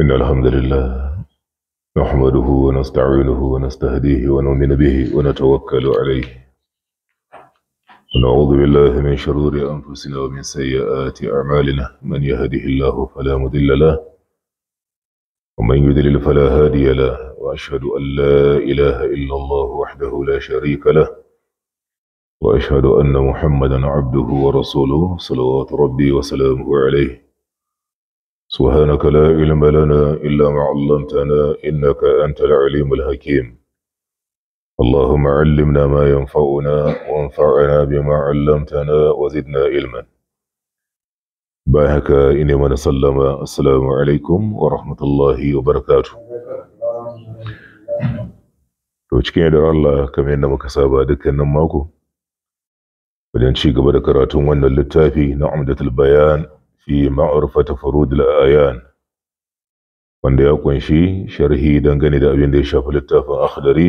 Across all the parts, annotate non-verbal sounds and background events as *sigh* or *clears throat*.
إن الحمد لله نحمده ونستعينه ونستهديه ونؤمن به ونتوكل عليه ونعوذ بالله من شرور أنفسنا ومن سيئات أعمالنا من يهده الله فلا مضل له ومن يضلل فلا هادي له وأشهد أن لا إله إلا الله وحده لا شريك له وأشهد أن محمدا عبده ورسوله صلوات ربي وسلامه عليه سبحانك لا علم لنا إلا ما علمتنا إنك أنت العليم الحكيم اللهم علمنا ما ينفعنا وانفعنا بما علمتنا وزدنا علما باهك إني من سلم السلام عليكم ورحمة الله وبركاته to cikin yadda Allah kamar yadda muka saba dukkanin mako wajen ci gaba da karatun wannan littafi na Umdatul Bayan fi ta furudul ayan wanda ya kunshi sharhi dangane da abin da ya shafi littafin akhdari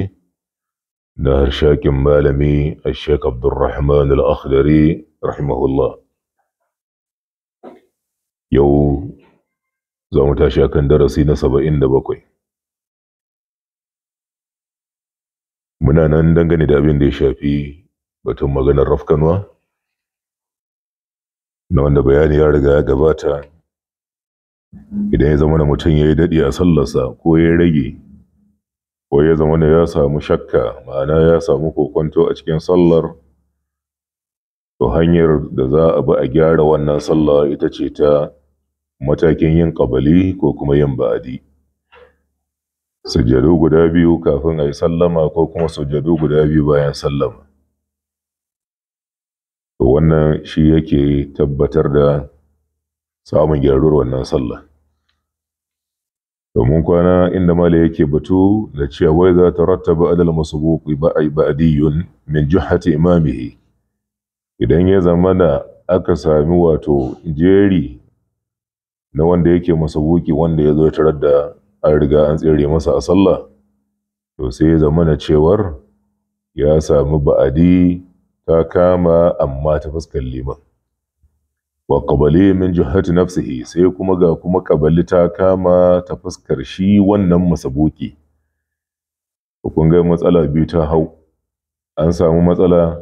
na harshakin malami ashek abdurrahman al-akhdari rahimahullah yau za mu tashi akan darasi na saba'in da bakwai muna nan dangane da abin da ya shafi batun maganar rafkanwa na wanda bayani ya riga ya gabata idan ya zama mutum ya yi daɗi a sallarsa ko ya rage ko ya zama ya samu shakka ma'ana ya samu kokonto a cikin sallar to hanyar da za a bi a gyara wannan sallah ita ce ta matakin yin ƙabali ko kuma yin ba'adi sujjadu guda biyu kafin a yi sallama ko kuma sujjadu guda biyu bayan sallama wannan shi yake tabbatar da samun gyaruwar wannan sallah domin kwana inda mala yake batu da cewa wai za ta rattaba alal masubuqi ba'diyun min jihati imamihi idan ya zama da aka sami wato jeri na wanda yake masubuqi wanda ya zo tarar da an riga an tsere masa a sallah to sai ya zama da cewar ya sami ba'adi ta kama amma ta fuskar liman wa kabali min jihati nafsihi sai kuma ga kuma kabali ta kama ta fuskar shi wannan masabuki kun ga matsala biyu ta hau an samu matsala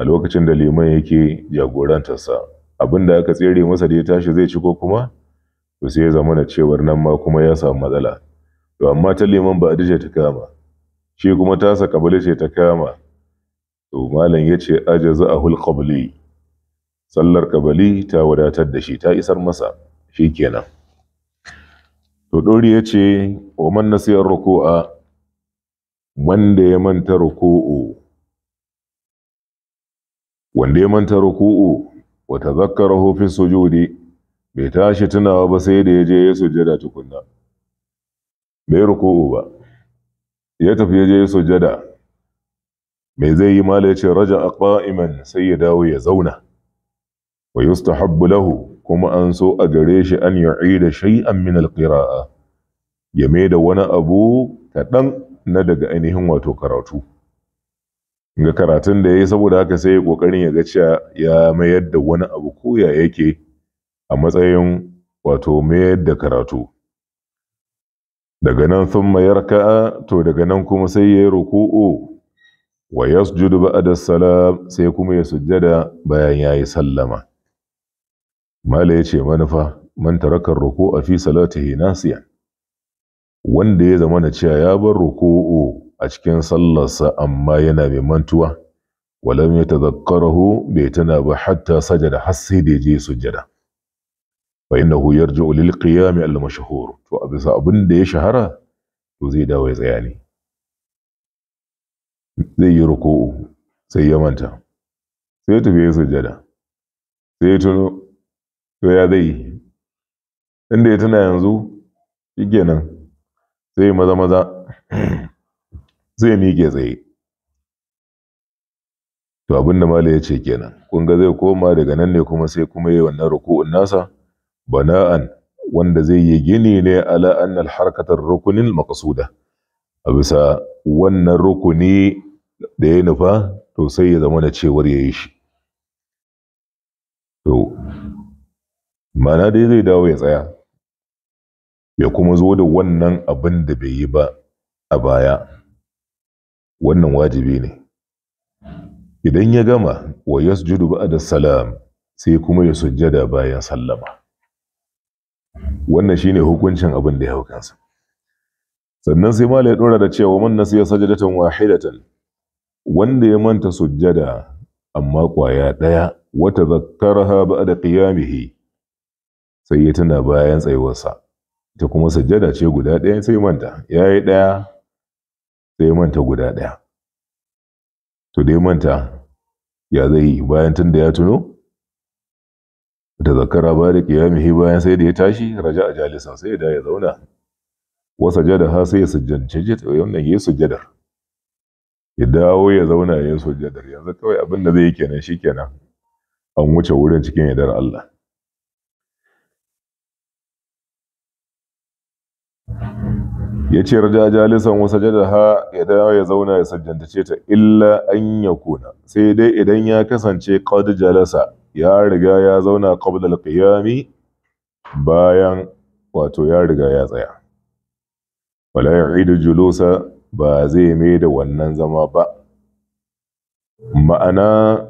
a lokacin da liman yake jagorantarsa abinda aka tsere masa da ya tashi zai ci ko kuma to sai ya zama na cewar nan ma kuma ya samu matsala to amma ta liman ba ta kama shi kuma tasa kabali ce ta kama to malam ya ce ajaza ahul qabli sallar kabali ta wadatar da shi ta isar masa shi kenan to dori ya ce wa man nasiyar ruku'a wanda ya manta ruku'u wanda ya manta ruku'u wa tazakkarahu fi sujudi bai tashi tunawa ba sai da ya je ya sujada tukunna bai ruku'u ba ya tafi ya je ya sujada me zai yi mala ce raja ƙa’iman sai ya dawo ya zauna wa habbu lahu kuma an so a gare shi an shai an min alqira'a ya mai da wani abu kaɗan na daga ainihin wato karatu ga karatun da ya yi saboda haka sai ya ƙoƙarin ya ga cewa ya mayar da wani abu ko ya yake a matsayin wato mayar da karatu daga nan sun mayar ka to daga nan kuma sai ya yi ruku'u wa yasjudu ba'da salam sai kuma ya sujjada bayan yayi sallama mala yace manufa man taraka ruku'a fi salatihi nasiyan wanda ya zama na cewa ya bar ruku'u a cikin sallarsa amma yana mai mantuwa walam yatadhakkarahu bai tana ba hatta sajada har sai da je sujjada fa innahu yarji'u lil qiyam al mashhur to a bisa abin da ya shahara to zai dawo ya tsaya ne zai yi ruku'u sai ya manta sai ya tafi ya sujjada sai ya tuno to ya zai inda ya tuna yanzu shikenan sai maza maza *clears throat* sai ya miƙe tsaye to abin da malai ya ce kenan kun ga zai koma daga nan ne kuma sai kuma yi wannan ruku'un nasa bana'an wanda zai yi gini ne ala annal harkatar rukunin maqsuda a bisa wannan rukuni da ya nufa to sai ya zama da cewar ya yi shi to mana da ya zai dawo ya tsaya ya kuma zo da wannan abin da bai yi ba a baya wannan wajibi ne idan ya gama wa ba da salam sai kuma ya sujjada bayan sallama wannan shine hukuncin abin da ya haukansa sannan sai mala ya dora da cewa man ya sajadatan wahidatan wanda ya manta sujjada amma ƙwaya ɗaya wata ba da ƙiyamihi, sai ya tuna bayan tsayuwarsa ta kuma sujjada ce guda ɗaya sai manta ya yi ɗaya sai manta guda ɗaya to dai manta ya zai yi bayan tun da ya tuno da zakara ba da ƙiyamihi bayan sai da ya tashi raja a jalisa sai da ya zauna wasa jada ha sai ya sujjada wannan ya sujjadar ya dawo ya zauna ya yi sujjadar yanzu kawai abin da zai yi kenan shi kenan. an wuce wurin cikin yadar Allah ya ce raja jalisan wasa jada ha ya dawo ya zauna ya sajjanta ce ta illa an ya kuna sai dai idan ya kasance kawai jalasa ya riga ya zauna qabla kiyami bayan wato ya riga ya tsaya wala ya'idu julusa ba zai mai da wannan zama ba ma'ana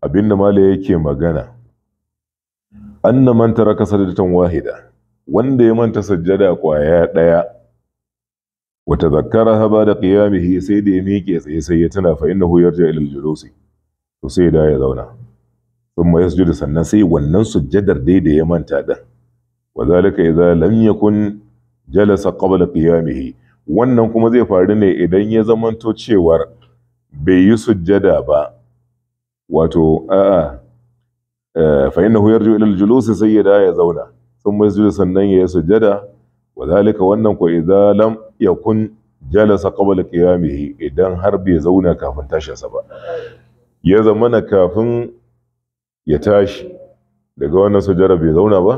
abinda mala yake magana anna man taraka sajdatan wahida wanda ya manta sajjada kwaya daya wa tazakkaraha ba'da qiyamihi sai da ya miƙe tsaye sai ya tana fa innahu yarja ila al-julusi to sai da ya zauna thumma yasjudu sannan sai wannan sujjadar dai da ya manta din wa zalika idza lam yakun jalasa qabla qiyamihi wannan kuma zai faru ne idan ya zamanto cewar bai yi sujjada ba wato a'a eh, fa innahu yarju ila al-julus sayyida ya zauna thumma yasjudu sannan ya yi sujjada wa zalika wannan ko idza lam yakun jalasa qabla qiyamihi idan har bai zauna kafin tashinsa ba ya zamana kafin ya tashi daga wannan sujjada bai zauna ba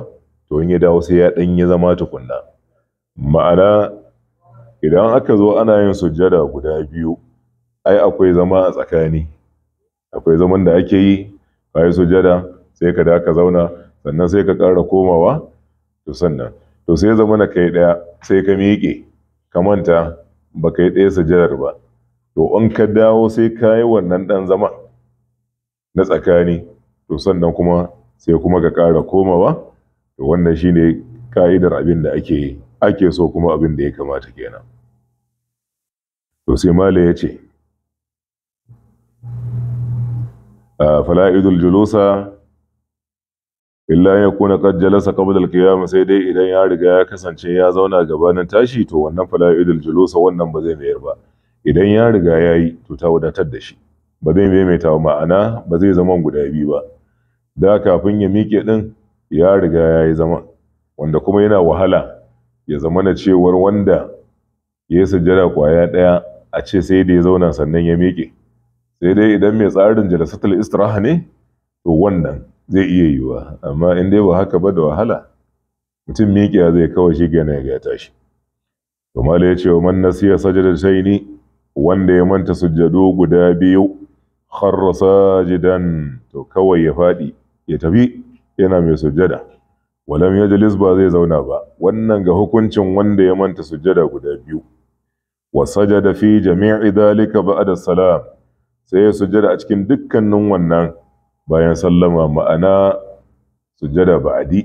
to in ya dawo sai ya dan ya zama tukunna ma'ana idan aka zo ana yin sujjada guda biyu ai akwai zama a tsakani akwai zaman da ake yi ka yi sujjada sai ka da ka zauna sannan sai ka ƙara komawa to sannan to sai zama na kai ɗaya sai ka miƙe ka manta ba kai ɗaya sujjadar ba to in ka dawo sai ka yi wannan ɗan zama na tsakani to sannan kuma sai kuma ka ƙara komawa to wannan shine ka'idar abin da ake ake so kuma abin da ya kamata kenan to sai mala ya ce a fala'idul julusa illa ya kuna kad jalasa qabla al sai dai idan ya riga ya kasance ya zauna gabanin tashi to wannan fala'idul julusa wannan ba zai mayar ba idan ya riga ya yi to ta wadatar da shi ba zai maimaita ma'ana ba zai zama guda biyu ba da kafin ya miƙe ɗin ya riga ya yi zama, wanda kuma yana wahala ya zama na cewar wanda ya yi sujjada kwaya ɗaya a ce sai da ya zauna sannan ya miƙe sai dai idan mai tsarin jalasatul istiraha ne to wannan zai iya yiwuwa amma in dai ba haka ba da wahala mutum miƙe zai kawai shi gane ya tashi to mala ya ce wa man nasiya sajada ni wanda ya manta sujjado guda biyu kharra sajidan to kawai ya faɗi ya tafi yana mai sujjada walam yajlis ba zai zauna ba wannan ga hukuncin wanda ya manta sujjada guda biyu wa sajada fi jami'i dalika ba'da salam sai ya sujada a cikin dukkanin wannan bayan sallama ma'ana sujjada ba'di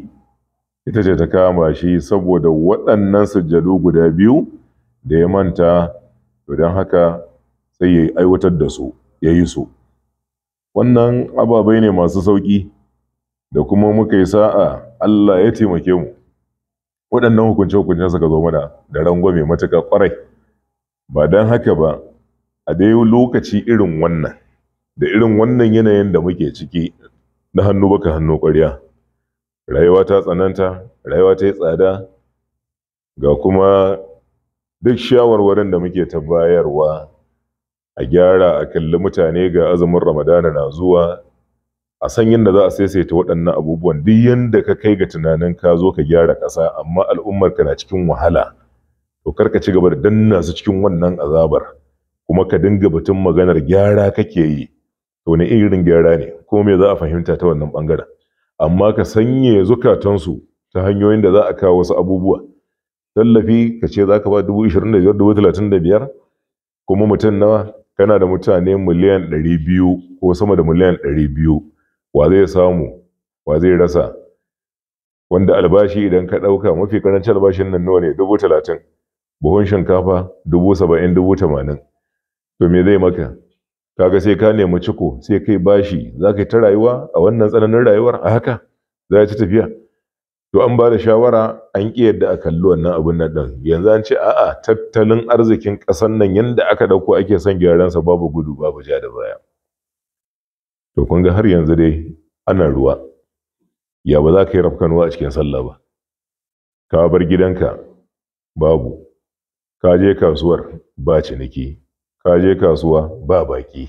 ita ce ta kama shi saboda waɗannan sujadu guda biyu da ya manta to don haka sai ya aiwatar da su ya yi su wannan ababai ne masu sauƙi da kuma muka yi sa'a Allah ya taimake mu waɗannan hukunce-hukunce suka zo mana da rangwame matuƙa ƙwarai ba don haka ba a dai lokaci irin wannan da irin wannan yanayin da muke ciki na hannu baka hannu ƙwarya rayuwa ta tsananta rayuwa ta yi tsada ga kuma duk shawarwarin da muke ta bayarwa a gyara a kalli mutane ga azumin ramadana na zuwa a san yadda za a saisaita waɗannan abubuwan duk yadda ka kai ga tunanin ka zo ka gyara ƙasa amma al'ummarka na cikin wahala to karka ci gaba da danna su cikin wannan azabar kuma ka dinga batun maganar gyara kake yi to ne irin gyara ne kuma me za a fahimta ta wannan bangaren amma ka sanye zukatansu ta hanyoyin da za a kawo wasu abubuwa tallafi ka ce za ka ba dubu ishirin da biyar dubu talatin da biyar kuma mutum nawa kana da mutane miliyan ɗari biyu ko sama da miliyan ɗari biyu wa zai samu wa zai rasa wanda albashi idan ka ɗauka mafi karancin albashin nan nawa ne dubu talatin buhun shinkafa dubu saba'in dubu tamanin to me zai maka kaga sai ka nemi ciko sai kai bashi za ka yi ta rayuwa a wannan tsananin rayuwar a haka za ta tafiya to an ba da shawara an ƙi yadda a kalli wannan abin nan ɗin yanzu an ce a'a tattalin arzikin ƙasar nan yadda aka ɗauko ake son gyaran sa, babu gudu babu ja da baya to kun ga har yanzu dai ana ruwa ya ba za ka yi rafkanuwa a cikin sallah ba ka bar gidanka babu ka je kasuwar ba ciniki ka je kasuwa ba baki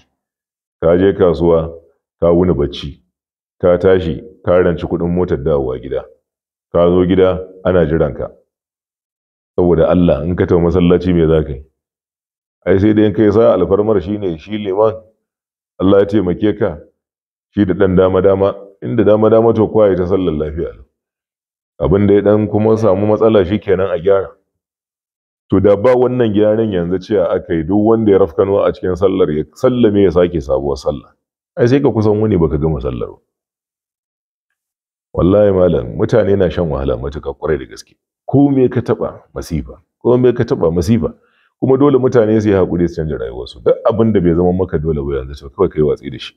ka je kasuwa ka wuni bacci ka tashi ka ranci kuɗin motar dawowa gida ka zo gida ana jiranka saboda Allah in ka tafi masallaci me za ka yi ai sai dai in kai sa alfarmar shine shi liman Allah ya taimake ka shi da ɗan dama dama inda dama dama to kwaye ta sallar lafiya abin da ya dan kuma samu matsala shikenan a gyara to da ba wannan gyaran yanzu cewa aka yi duk wanda ya rafkano a cikin sallar ya sallame ya sake sabuwar sallah ai sai ka kusan wuni baka gama sallar ba wallahi malam mutane na shan wahala matuƙa kwarai da gaske ko me ka taba masifa ko me ka taba masifa kuma dole mutane su yi hakuri su canja rayuwarsu duk abin da bai zama maka dole ba yanzu sai kai watsi da shi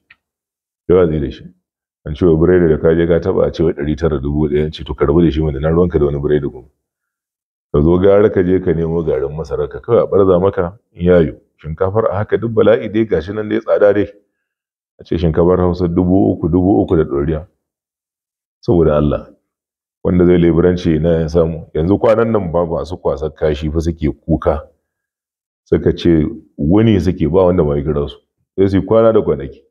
kai watsi da shi an ce wa biredi da kaje ka taba a ce wa ɗari tara dubu ɗaya ce to ka da shi wanda na ruwanka da wani biredi goma ka zo gara ka je ka nemo garin masarar ka kawai a barza maka in yayo shinkafar a haka duk bala'i dai gashi nan dai tsada dai a ce shinkafar hausa dubu uku dubu uku da ɗoriya saboda Allah wanda zai leburanci na ya samu yanzu kwanan nan ba masu kwasa kashi fa suke kuka suka ce wani suke ba wanda mai kira su sai su kwana da kwanaki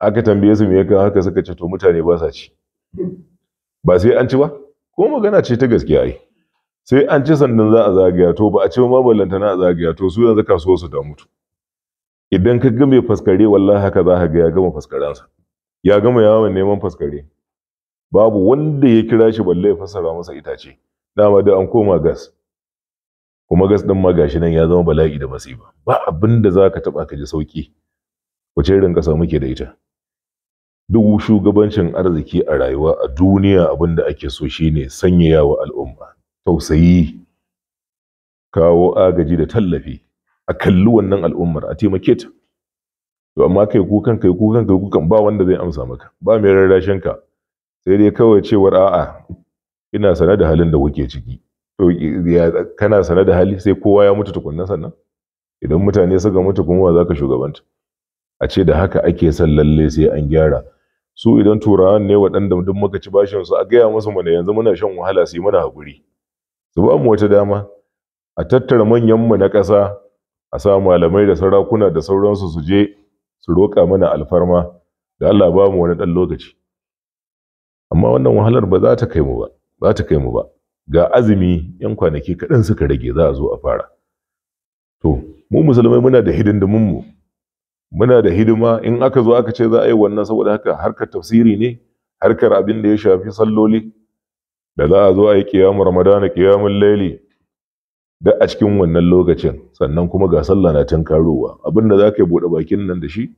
aka tambaye su me yakan haka suka ce to mutane ba sa ci ba sai an ci ba ko magana ce ta gaskiya ai sai an ci sannan za a zagaya to ba a ce ma ballanta na zagaya to su yanzu kasuwar su ta mutu idan ka ga mai faskare wallahi haka za ka ga ya gama faskaransa ya gama yawon neman faskare babu wanda ya kira shi balle ya fassara masa itace dama da an koma gas kuma gas din ma gashi nan ya zama bala'i da masifa ba abinda za ka taba ka ji sauki wace irin ƙasa muke da ita duk shugabancin arziki a rayuwa a duniya abin da ake so shine sanyayawa al'umma tausayi kawo agaji da tallafi a kalli wannan al'ummar a taimake ta to amma kai kukan kai kukan kai kukan ba wanda zai amsa maka ba mai rarrashin ka sai dai kawai cewar a'a ina sane da halin da kuke ciki to kana sane da hali sai kowa ya mutu tukunna sannan idan mutane suka mutu kuma wa zaka shugabanta a ce da haka ake son lalle sai an gyara su idan turawan ne waɗanda duk muka ci bashin su a gaya musu mana yanzu muna shan wahala su yi mana haƙuri su ba mu wata dama a tattara manyan mu na ƙasa a sa malamai da sarakuna da sauransu su je su roƙa mana alfarma da Allah ba mu wani ɗan lokaci amma wannan wahalar ba za ta kai mu ba za ta kai mu ba ga azumi yan kwanaki kaɗan suka rage za a zo a fara to mu musulmai muna da hidindimin mu muna da hidima in aka zo aka ce za a yi wannan saboda haka harkar tafsiri ne harkar abin da ya shafi salloli da za a zo a yi kiyamun ramadana kiyamun laili duk a cikin wannan lokacin sannan kuma ga sallah na tunkarowa abin da za ka yi buɗe bakin nan da shi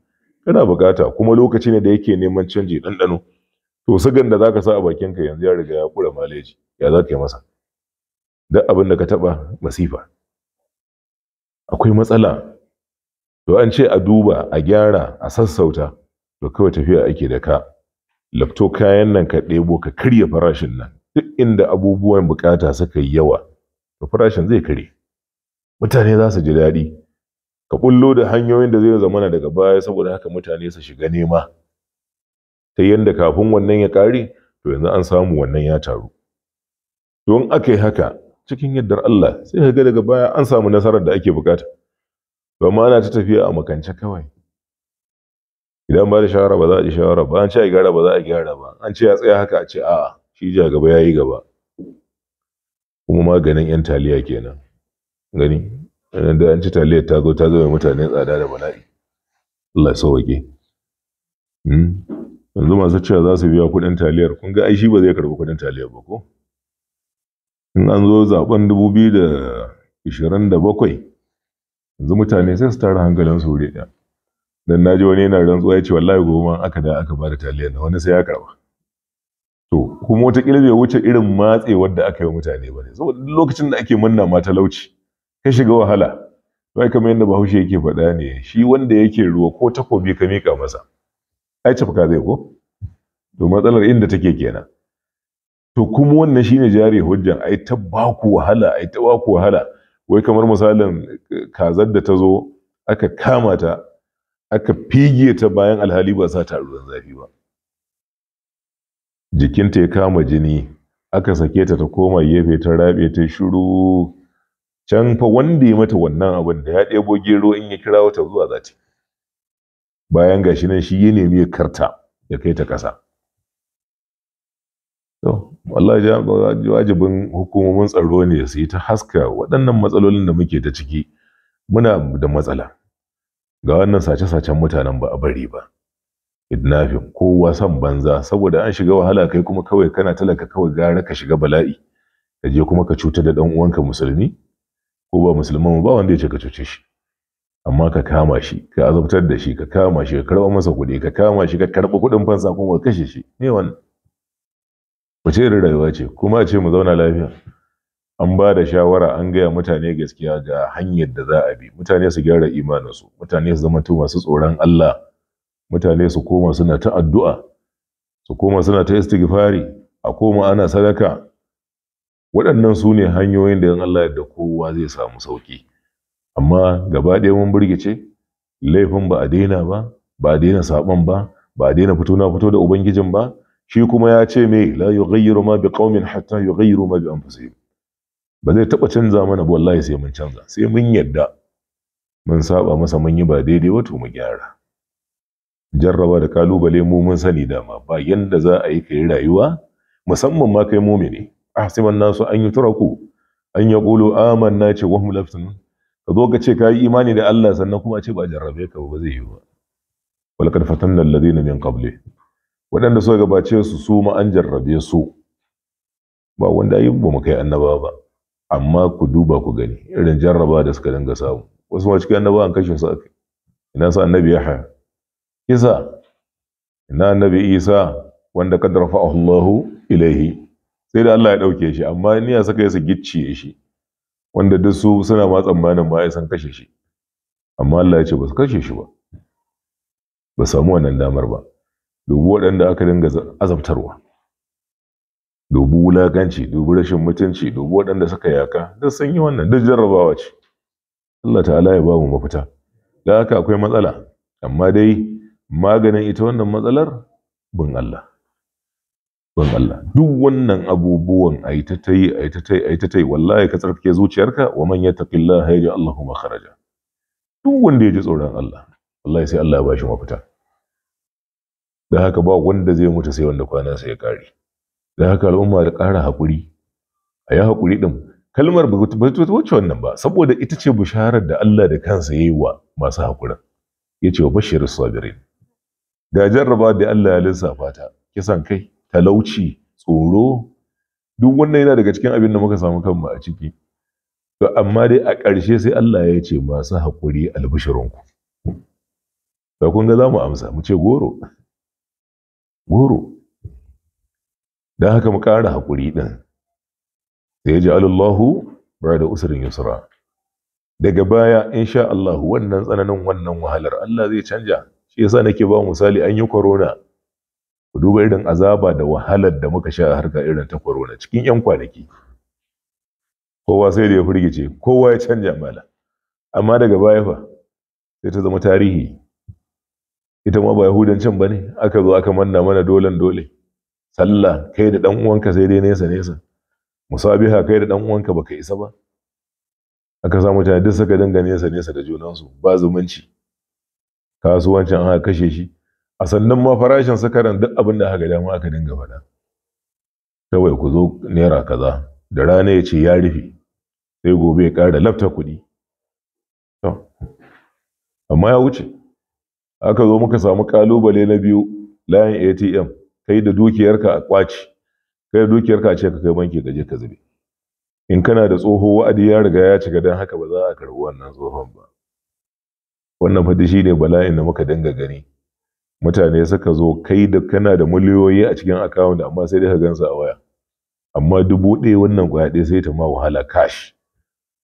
yana bukata kuma lokaci ne da yake neman canji ɗanɗano to sigan da za ka sa a bakin ka yanzu ya riga ya kura maleji ya za ka yi masa Da abin da ka taɓa masifa akwai matsala to an ce a duba a gyara a sassauta to kawai tafiya ake da ka lafto kayan nan ka ɗebo ka karya farashin nan duk inda abubuwan bukata suka yi yawa to farashin zai kare mutane za su ji daɗi ka bullo da hanyoyin da zai zamana daga baya saboda haka mutane su shiga nema ta yadda kafin wannan ya ƙare to yanzu an samu wannan ya taru don aka yi haka cikin yardar Allah sai ka ga daga baya an samu nasarar da ake bukata don ma ana ta tafiya a makance kawai idan ba da shawara ba za a ji shawara ba an ce a gyara ba za a gyara ba an ce a tsaya haka a ce a'a shi ja gaba ya yi gaba kuma maganin 'yan taliya kenan gani nan da an ci taliyar ta zo ta zo mutane tsada da bala'i Allah ya sauke hmm? yanzu masu cewa za su biya kuɗin taliyar kun ga aishi ba zai karɓi kuɗin taliyar ba ko in an zo zaben 2027 yanzu mutane sai su tara hankalin su wuri ɗaya dan naji wani yana rantsuwa ya ce wallahi goma aka da aka bada taliyar na wani sai ya karɓa to kuma wataƙila bai wuce irin matsewar da aka yi mutane ba ne saboda lokacin da ake manna ma talauci ka shiga wahala bai kamar yadda bahaushe yake faɗa ne shi wanda yake ruwa ko takobi ka miƙa masa ai fuka zai ko to matsalar inda take kenan to kuma wannan shine jari hujjan ai ta ku wahala ai ta ku wahala wai kamar misalin eh, kazar da ta zo aka kama ta aka fige ta bayan alhali ba sa ta ruwan zafi ba jikinta ya kama jini aka sake ta ta koma gefe ta rabe ta shiru can fa wanda ya mata wannan abin da ya ɗebo gero in ya kira wata zuwa zati bayan gashi nan shi ya nemi ya karta ya kai ta ƙasa to wallahi wajibin hukumomin tsaro ne su yi ta haska waɗannan matsalolin da muke ta ciki muna da matsala ga wannan sace-sacen mutanen ba a bari ba kidnapping kowa san banza saboda an shiga wahala kai kuma kawai kana talaka kawai gara ka shiga bala'i ka je kuma ka cutar da dan uwanka musulmi ko ba musulman ba wanda ya ce ka cuce shi amma ka kama shi ka azabtar da shi ka kama shi ka karba masa kuɗi ka kama shi ka karba kuɗin fansa kuma ka kashe shi ne wannan wace irin rayuwa ce kuma a ce mu zauna lafiya an ba da shawara an gaya mutane gaskiya ga hanyar da za a bi mutane su gyara imaninsu mutane su zama masu tsoron Allah mutane su koma suna ta addu'a su koma suna ta istighfari a koma ana sadaka waɗannan su ne hanyoyin da yan Allah da kowa zai samu sauƙi. amma gaba ɗaya mun burgice laifin ba a daina ba ba a daina saɓon ba ba a daina fito na fito da ubangijin ba shi kuma ya ce me la yughayyiru ma bi ƙaumin hatta yughayyiru ma bi anfusihim ba zai taɓa canza mana ba wallahi sai mun canza sai mun yadda mun saɓa masa mun yi ba daidai wato mu gyara jarraba da kalubale mu mun sani dama ba yanda za a yi kai rayuwa musamman ma kai mumini ahsiban nasu an turaku an Kulu amanna ce wa hum ka zo ka ce ka yi imani da Allah sannan kuma a ce ba jarrabe ka ba zai yi ba walaqad fatanna alladhina min qabli waɗanda suka gabace su su ma an jarrabe su ba wanda yi ba mu kai annaba ba amma ku duba ku gani irin jarraba da suka danga samu wasu ma cikin annaba an kashe su aka ina sa annabi ya haya isa na annabi isa wanda kadar Allahu ilaihi sai da Allah ya ɗauke shi amma niyya suka yi su gicciye shi wanda duk su suna ma tsammanin ma ya san kashe shi amma Allah ya ce ba su kashe shi ba ba samu wannan damar ba dubu waɗanda aka dinga azabtarwa dubu wulakanci dubu rashin mutunci dubu waɗanda suka yaka duk sun yi wannan duk jarrabawa ce Allah ta'ala ya ba mu mafita da haka akwai matsala amma dai maganin ita wannan matsalar bin Allah bin Allah duk wannan abubuwan ai ta tai ai ta tai ai ta tai wallahi ka tsarkake zuciyarka wa man yattaqillaha yaj'al Allahu kharaja. duk wanda ya ji tsoron Allah wallahi sai Allah ya bashi mafita da haka ba wanda zai mutu sai wanda kwana sai ya kare da haka al'umma da kara hakuri. a yi haƙuri ɗin kalmar ba ta wuce wannan ba saboda ita ce bisharar da Allah da kansa ya yi wa masu haƙurin ya ce wa bashir sabirin Da jarraba da Allah ya lissafa ta kisan kai talauci tsoro duk wannan yana daga cikin abin da muka samu kanmu a ciki to amma dai a ƙarshe sai Allah ya ce masu haƙuri albishirinku da kun ga za amsa mu ce goro goro dan haka mu ƙara haƙuri din. sai ya ji alallahu ba da yusra daga baya insha Allah wannan tsananin wannan wahalar Allah zai canja shi yasa nake ba misali an yi corona ku duba irin azaba da wahalar da muka sha harka irin ta corona cikin yan kwanaki kowa sai da ya firgice kowa ya canja mala amma daga baya fa sai ta zama tarihi ita ma ba yahudancin ba ne aka zo aka manna mana dolen dole sallah kai da dan uwanka sai dai nesa nesa musabiha kai da dan uwanka baka isa ba aka samu mutane duk suka dinga nesa nesa da junansu ba zumunci kasuwancin aka kashe shi a sannan ma farashin sakaran duk abin da aka dama aka dinga faɗa kawai ku zo naira kaza da rana ya ce ya rufe sai gobe ya ƙara lafta kuɗi amma ya wuce aka zo muka samu kalubale na biyu layin atm kai da dukiyarka a kwaci kai da dukiyarka a ce ka kai banki ka je ka zube in kana da tsoho wa'adi ya riga ya cika don haka ba za a karɓi wannan tsohon ba wannan shi shine bala'in da muka dinga gani mutane suka zo kai da kana da miliyoyi a cikin account amma sai dai ka gansu a waya amma dubu ɗaya wannan kwaya ɗaya sai ta ma wahala cash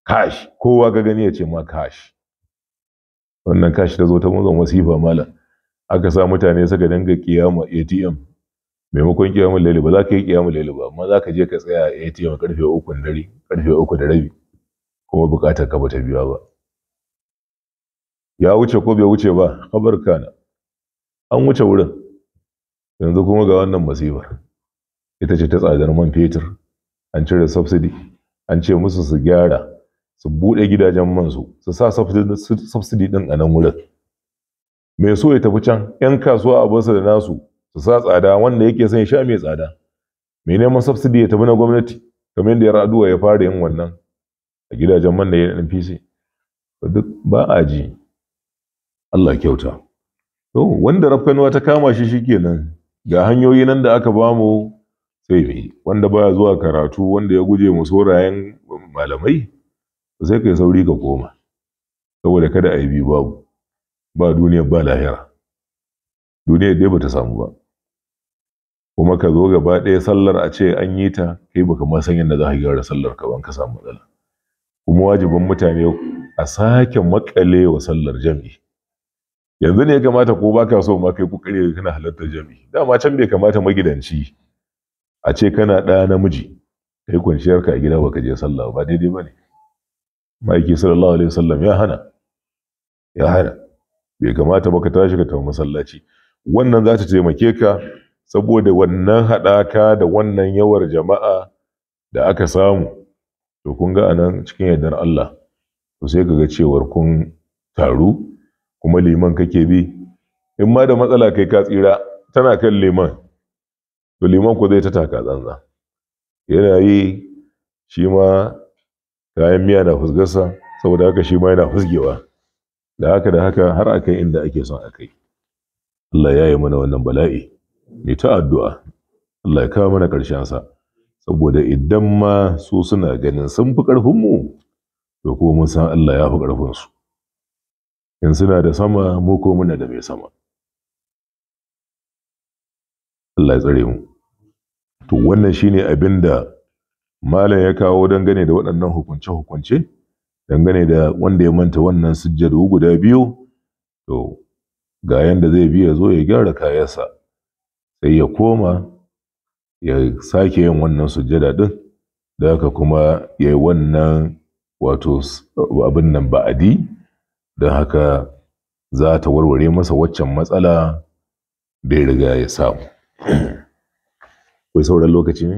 cash kowa ka gani ya ce ma cash wannan cash ta zo ta mazan wasifa malam aka sa mutane suka dinga kiyama ATM maimakon kiyama lele ba za ka yi kiyama lele ba amma za ka je ka tsaya a ATM karfe uku da rabi kuma bukatar ka bata biya ba ya wuce ko bai wuce ba kabar kana an wuce wurin yanzu kuma ga wannan masifar ita ce ta tsadar man fetur an cire subsidy an ce musu su gyara su buɗe gidajen man su su sa subsidy din a nan wurin mai so ya tafi can yan kasuwa a basu da nasu su sa tsada wanda yake son ya sha mai tsada mai neman subsidy ya tafi na gwamnati kamar yadda ya raduwa ya fara yin wannan a gidajen man da ya NPC duk ba a ji Allah kyauta to wanda rafkanuwa ta kama shi shikenan ga hanyoyi nan da aka bamu sai mai, wanda baya zuwa karatu wanda ya guje mu saurayen malamai sai kai sauri ka koma saboda kada a yi biyu babu ba duniyar ba lahira Duniya dai bata samu ba kuma ka zo gaba ɗaya sallar a ce an yi ta kai baka ma san yadda za ka gyara sallar ka ban ka samu matsala kuma wajibin mutane a sake makale wa sallar jami'i yanzu ne ya kamata ko baka so ma kai kokari kana halartar jami'i dama can bai kamata magidanci a ce kana ɗa namiji kai kwanciyar ka a gida baka je sallah ba daidai bane ma'aiki sallallahu alaihi wasallam ya hana ya hana bai kamata baka tashi ka tafi masallaci wannan za ta taimake ka saboda wannan haɗaka da wannan yawar jama'a da aka samu to kun ga anan cikin yardar Allah to sai ka ga cewar kun taru kuma liman kake bi in ma da matsala kai ka tsira tana kan liman to liman ku zai ta taka tsantsa yana yi shi ma kayan miya na fusgarsa saboda haka shi ma yana fusgewa da haka da haka har a kai inda ake son a kai Allah ya yi mana wannan bala'i Ni ta addu'a Allah ya kawo mana ƙarshensa saboda idan ma su suna ganin sun fi ƙarfinmu to ko mun san Allah ya fi ƙarfinsu in suna da sama mu ko muna da mai sama Allah ya tsare mu to wannan shine abin da malam ya kawo dangane da waɗannan hukunce-hukunce dangane da wanda ya manta wannan sujjadu guda biyu to ga yanda zai biya zo ya gyara kayansa sai ya koma ya sake yin wannan sujjada din da haka kuma ya yi wannan wato abin nan ba'adi don haka za ta warware masa waccan matsala da ya riga ya samu kai sauran lokaci ne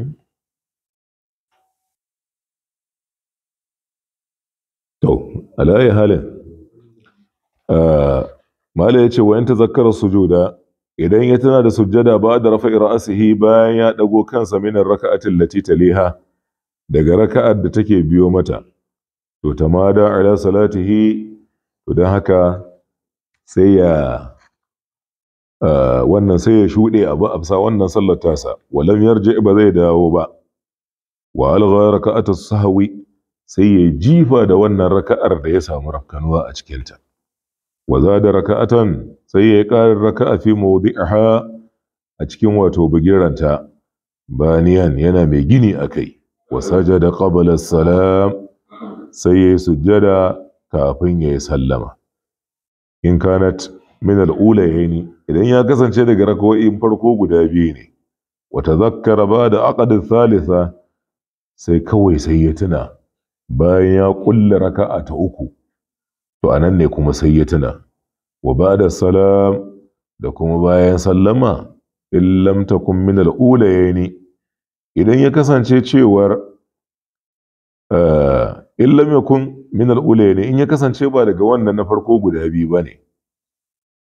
to alayi halin mala ya ce wa ta zakkara sujuda idan ya tana da sujjada ba da rafa ra'asihi bayan ya ɗago kansa min raka'atin lati taliha daga raka'ar da take biyo mata to tamada ala salatihi to don haka sai ya wannan sai ya shuɗe abu a bisa wannan sallar tasa walam yarji ba zai dawo ba wa Raka'atar raka'atu sahwi sai ya jifa da wannan raka'ar da ya samu rakanuwa a cikinta wa zada raka'atan sai ya ƙara raka'a fi mawdi'aha a cikin wato bugiranta baniyan yana mai gini akai wa sajada qabla salam sai ya sujjada kafin ya yi sallama in kanat min ni. idan ya kasance daga rakawo'in farko guda biyu ne wata zakkara ba da aƙadin salisa sai kawai sai ya tuna bayan ya kulla a ta uku to a nan ne kuma sai ya tuna wa ba da salam da kuma bayan sallama in lamta kun min al'ula ni. idan ya kasance cewar eh, in lam yakun min al in ya kasance ba daga wannan na farko guda biyu bane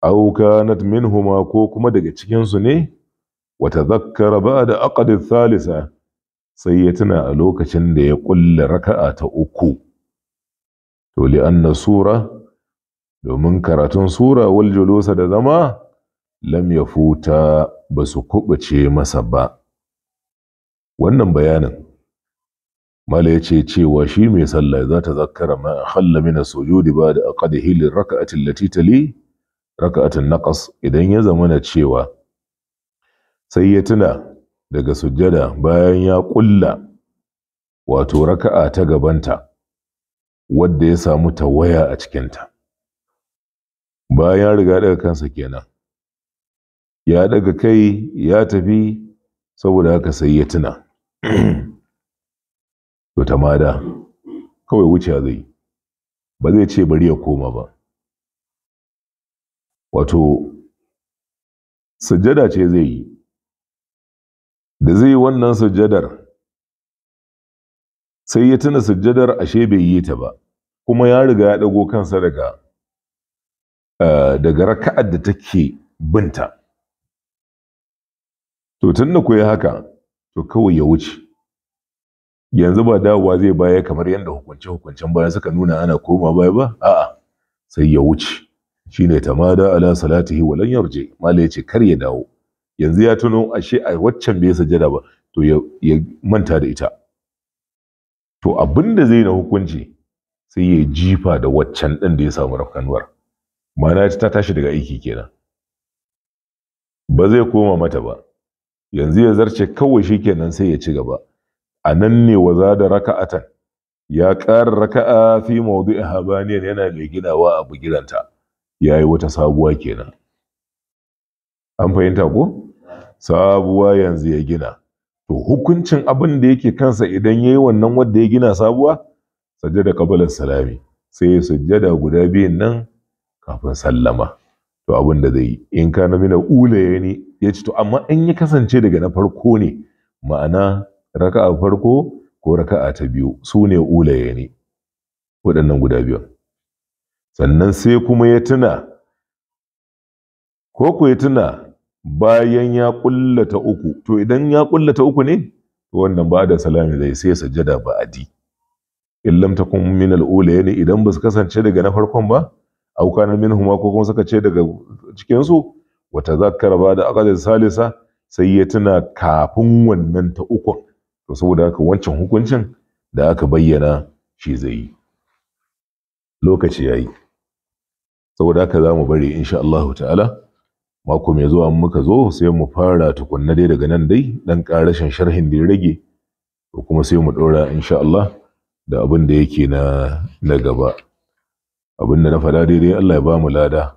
aw kanat minhuma ko kuma daga cikin su ne wa tadhakkara ba'da aqd akadin thalitha sai ya tuna a lokacin da ya kulla raka'a ta uku to li anna sura domin karatun sura wal julusa da zama lam yafuta basu kubace masa ba wannan bayanin mala yace cewa shi mai sallah za ta zakkara ma khalla min as-sujudi ba da aqdihi lil raka'ati allati tali raka'atun naqas idan ya zama na cewa sai ya tuna daga sujjada bayan ya ƙulla, wato raka'a ta gabanta wadda ya samu tawaya a cikinta bayan ya riga daga kansa kenan ya daga kai ya tafi saboda haka sai ya tuna *clears throat* to ta mada kawai wuce zai ba zai ce bari ya koma ba wato sujjada ce zai yi da zai wannan sujjadar sai ya tuna sujjadar ashe bai yi ta ba kuma ya riga ya ɗago kansa daga eh, daga raka'ar da take binta to tun da ku yi haka to kawai ya wuce yanzu ba dawowa zai baya kamar yadda hukunce-hukuncen baya suka nuna ana koma baya ba a'a sai ya wuce shine tamada ala salatihi walan yarje mala ce, kar ya dawo yanzu ya tuno ashe a waccan bai sajada ba to ya manta da ita to abinda zai na hukunci sai ya jifa da waccan ɗin da ya samu rafkanuwar mana ta tashi daga aiki kenan ba zai koma mata ba yanzu ya zarce kawai shi kenan sai ya ci gaba a nan ne waza da raka'atan ya ƙara raka'a fi maudu'in habaniyan yana mai ginawa a bugiranta ya yi wata sabuwa kenan an fahimta ko sabuwa yanzu ya gina to hukuncin abin da yake kansa idan ya yi wannan wadda ya gina sabuwa sajjada kabalar salami sai ya sujjada guda biyun nan kafin sallama to abin da zai yi in ka na mina ula ya ya ci to amma in ya kasance daga na farko ne ma'ana raka'a farko ko raka'a ta biyu su ne ne waɗannan guda biyun sannan sai kuma ya tuna ko ku ya tuna bayan ya ƙullata uku to idan ya ƙullata uku ne to wannan ba da salami zai sai sajjada ba'adi in lam takun min al ne idan ba su kasance daga na farkon ba aw kana minhuma ko kuma suka ce daga cikinsu, wata wa tazakkara ba da aqal salisa sai ya tuna kafin wannan ta ukun to saboda haka wancan hukuncin da aka bayyana shi zai yi lokaci yayi saboda haka za mu bari insha Allah ta'ala mako mai zuwa muka zo sai mu fara tukunna dai daga nan dai dan karashin sharhin da ya rage ko kuma sai mu dora insha Allah da abin da yake na na gaba abin da na faɗa daidai Allah ya ba mu lada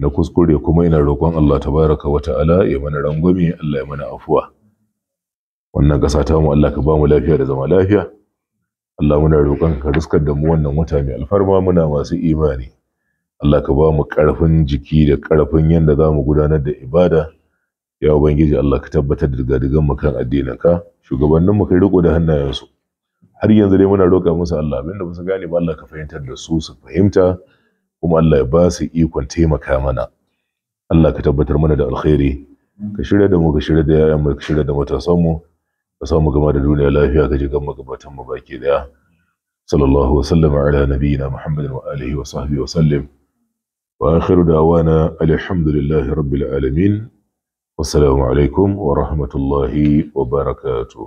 na kuskure kuma ina roƙon Allah tabaraka wa ta'ala ya mana rangwame Allah ya mana afuwa wannan ƙasa ta mu Allah ka ba mu lafiya da zama lafiya Allah muna roƙon ka ruskar da mu wannan wata mai alfarma muna masu imani Allah ka ba mu ƙarfin jiki da ƙarfin yadda za mu gudanar da ibada ya ubangiji Allah ka tabbatar da gadigan mu kan addinin ka shugabannin mu kai riko da hannayensu har yanzu dai muna roƙa musu Allah abin da musu gane ba Allah ka fahimtar da su su fahimta kuma Allah ya ba su ikon taimaka mana Allah ka tabbatar mana da alkhairi ka shirya da mu ka shirya da yayan mu ka shirya da matasan mu ka samu gama da duniya lafiya ka ji gama gabatan mu baki daya sallallahu wa sallama ala nabiyyina muhammadin wa alihi wa sahbihi wa sallim wa akhiru da'wana alhamdulillahi rabbil alamin wassalamu alaikum wa rahmatullahi wa barakatuh